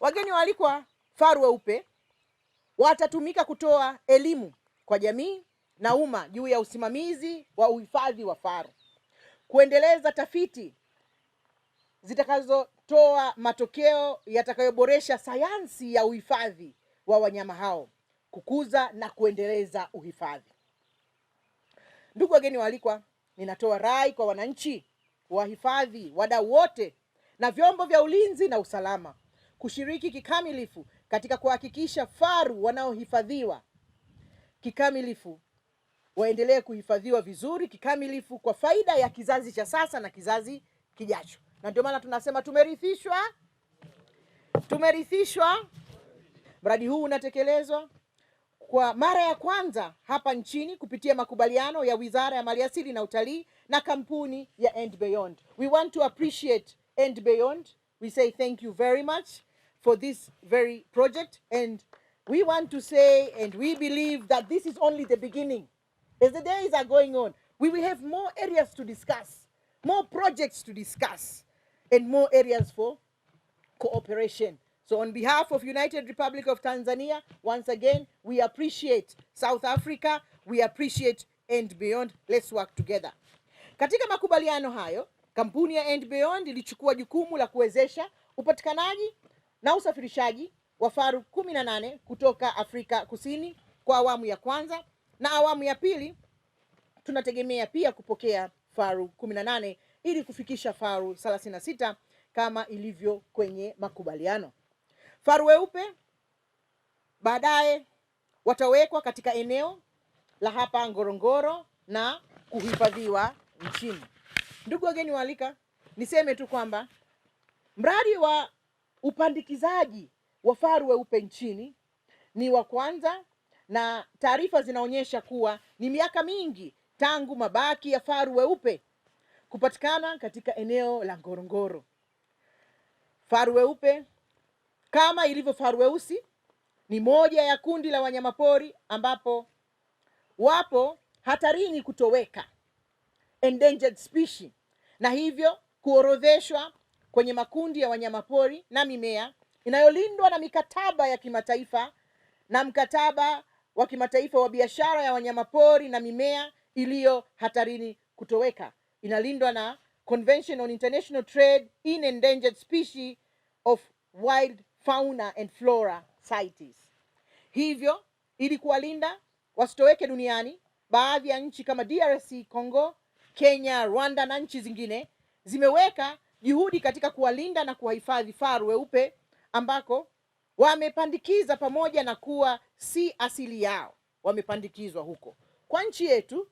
Wageni waalikwa, faru weupe watatumika kutoa elimu kwa jamii na umma juu ya usimamizi wa uhifadhi wa faru, kuendeleza tafiti zitakazotoa matokeo yatakayoboresha sayansi ya uhifadhi wa wanyama hao, kukuza na kuendeleza uhifadhi. Ndugu wageni waalikwa, ninatoa rai kwa wananchi, wahifadhi, wadau wote na vyombo vya ulinzi na usalama kushiriki kikamilifu katika kuhakikisha faru wanaohifadhiwa kikamilifu waendelee kuhifadhiwa vizuri kikamilifu kwa faida ya kizazi cha sasa na kizazi kijacho. Na ndio maana tunasema tumerithishwa, tumerithishwa. Mradi huu unatekelezwa kwa mara ya kwanza hapa nchini kupitia makubaliano ya Wizara ya Maliasili na Utalii na kampuni ya And Beyond. We want to appreciate And Beyond. We say thank you very much for this very project. And we want to say and we believe that this is only the beginning. As the days are going on, we will have more areas to discuss, more projects to discuss, and more areas for cooperation. So on behalf of United Republic of Tanzania, once again, we appreciate South Africa, we appreciate and Beyond. Let's work together. Katika makubaliano hayo, kampuni ya And Beyond ilichukua jukumu la kuwezesha upatikanaji na usafirishaji wa faru kumi na nane kutoka Afrika Kusini kwa awamu ya kwanza, na awamu ya pili tunategemea pia kupokea faru kumi na nane ili kufikisha faru thelathini na sita kama ilivyo kwenye makubaliano. Faru weupe baadaye watawekwa katika eneo la hapa Ngorongoro na kuhifadhiwa nchini. Ndugu wageni waalika, niseme tu kwamba mradi wa Upandikizaji wa faru weupe nchini ni wa kwanza na taarifa zinaonyesha kuwa ni miaka mingi tangu mabaki ya faru weupe kupatikana katika eneo la Ngorongoro. Faru weupe kama ilivyo faru weusi ni moja ya kundi la wanyamapori ambapo wapo hatarini kutoweka, endangered species, na hivyo kuorodheshwa kwenye makundi ya wanyamapori na mimea inayolindwa na mikataba ya kimataifa na mkataba wa kimataifa wa biashara ya wanyamapori na mimea iliyo hatarini kutoweka, inalindwa na Convention on International Trade in Endangered Species of Wild Fauna and Flora CITES. Hivyo ili kuwalinda wasitoweke duniani, baadhi ya nchi kama DRC Congo, Kenya, Rwanda na nchi zingine zimeweka juhudi katika kuwalinda na kuwahifadhi faru weupe ambako wamepandikiza pamoja na kuwa si asili yao, wamepandikizwa huko. Kwa nchi yetu,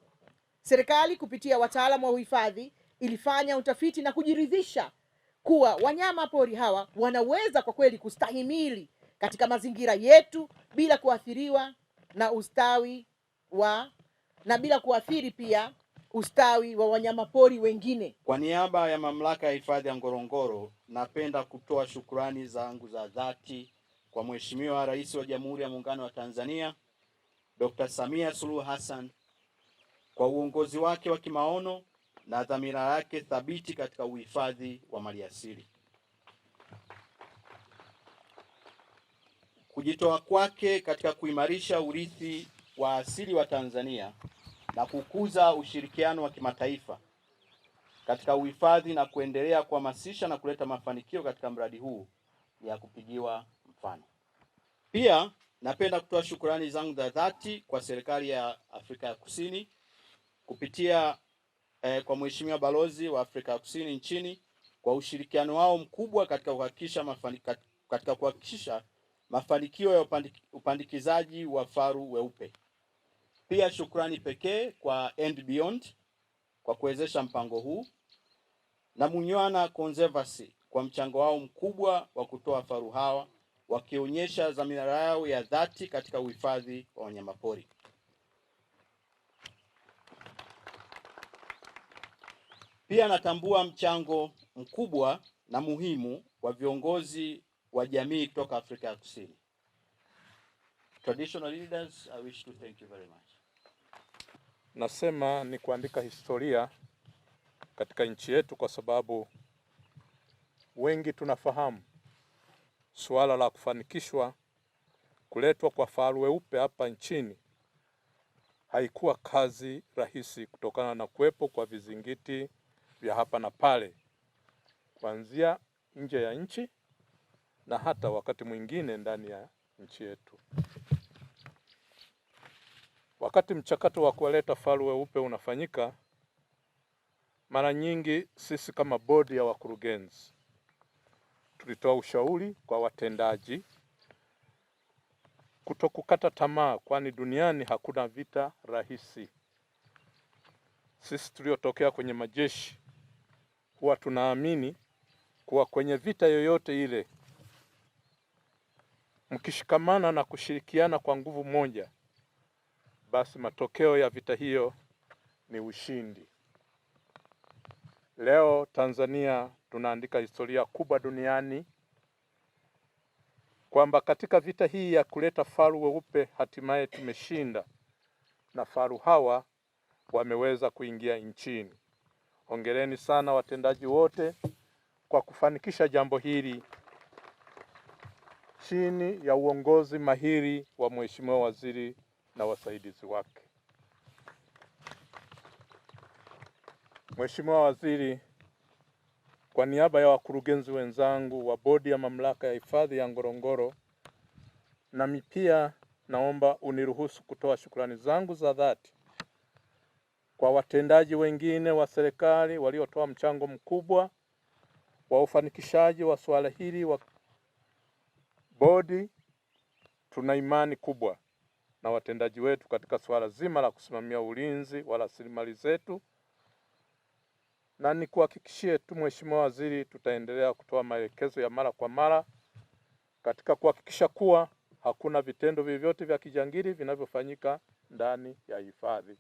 serikali kupitia wataalamu wa uhifadhi ilifanya utafiti na kujiridhisha kuwa wanyama pori hawa wanaweza kwa kweli kustahimili katika mazingira yetu bila kuathiriwa na ustawi wa na bila kuathiri pia ustawi wa wanyamapori wengine. Kwa niaba ya mamlaka ya hifadhi ya Ngorongoro, napenda kutoa shukrani zangu za dhati kwa Mheshimiwa Rais wa Jamhuri ya Muungano wa Tanzania Dr. Samia Suluhu Hassan kwa uongozi wake wa kimaono na dhamira yake thabiti katika uhifadhi wa maliasili. Kujitoa kwake katika kuimarisha urithi wa asili wa Tanzania na kukuza ushirikiano wa kimataifa katika uhifadhi na kuendelea kuhamasisha na kuleta mafanikio katika mradi huu ya kupigiwa mfano. Pia napenda kutoa shukurani zangu za dhati kwa serikali ya Afrika ya Kusini kupitia eh, kwa Mheshimiwa balozi wa Afrika ya Kusini nchini kwa ushirikiano wao mkubwa katika kuhakikisha mafanikio katika kuhakikisha mafanikio ya upandikizaji wa faru weupe. Pia shukrani pekee kwa End Beyond kwa kuwezesha mpango huu na Munywana Conservancy kwa mchango wao mkubwa wa kutoa faru hawa wakionyesha dhamira yao ya dhati katika uhifadhi wa wanyamapori. Pia natambua mchango mkubwa na muhimu wa viongozi wa jamii kutoka Afrika ya Kusini. Traditional leaders, I wish to thank you very much. Nasema ni kuandika historia katika nchi yetu, kwa sababu wengi tunafahamu suala la kufanikishwa kuletwa kwa faru weupe hapa nchini haikuwa kazi rahisi, kutokana na kuwepo kwa vizingiti vya hapa na pale, kuanzia nje ya nchi na hata wakati mwingine ndani ya nchi yetu. Wakati mchakato wa kuwaleta faru weupe unafanyika, mara nyingi sisi kama bodi ya wakurugenzi tulitoa ushauri kwa watendaji kutokukata tamaa, kwani duniani hakuna vita rahisi. Sisi tuliotokea kwenye majeshi huwa tunaamini kuwa kwenye vita yoyote ile, mkishikamana na kushirikiana kwa nguvu moja, basi matokeo ya vita hiyo ni ushindi. Leo Tanzania tunaandika historia kubwa duniani kwamba katika vita hii ya kuleta faru weupe hatimaye tumeshinda, na faru hawa wameweza kuingia nchini. Hongereni sana watendaji wote kwa kufanikisha jambo hili chini ya uongozi mahiri wa Mheshimiwa Waziri na wasaidizi wake. Mheshimiwa Waziri, kwa niaba ya wakurugenzi wenzangu wa Bodi ya Mamlaka ya Hifadhi ya Ngorongoro, nami pia naomba uniruhusu kutoa shukrani zangu za dhati kwa watendaji wengine wa serikali waliotoa mchango mkubwa wa ufanikishaji wa suala hili wa bodi. Tuna imani kubwa na watendaji wetu katika suala zima la kusimamia ulinzi wa rasilimali zetu, na nikuhakikishie tu Mheshimiwa Waziri, tutaendelea kutoa maelekezo ya mara kwa mara katika kuhakikisha kuwa hakuna vitendo vyovyote vya kijangili vinavyofanyika ndani ya hifadhi.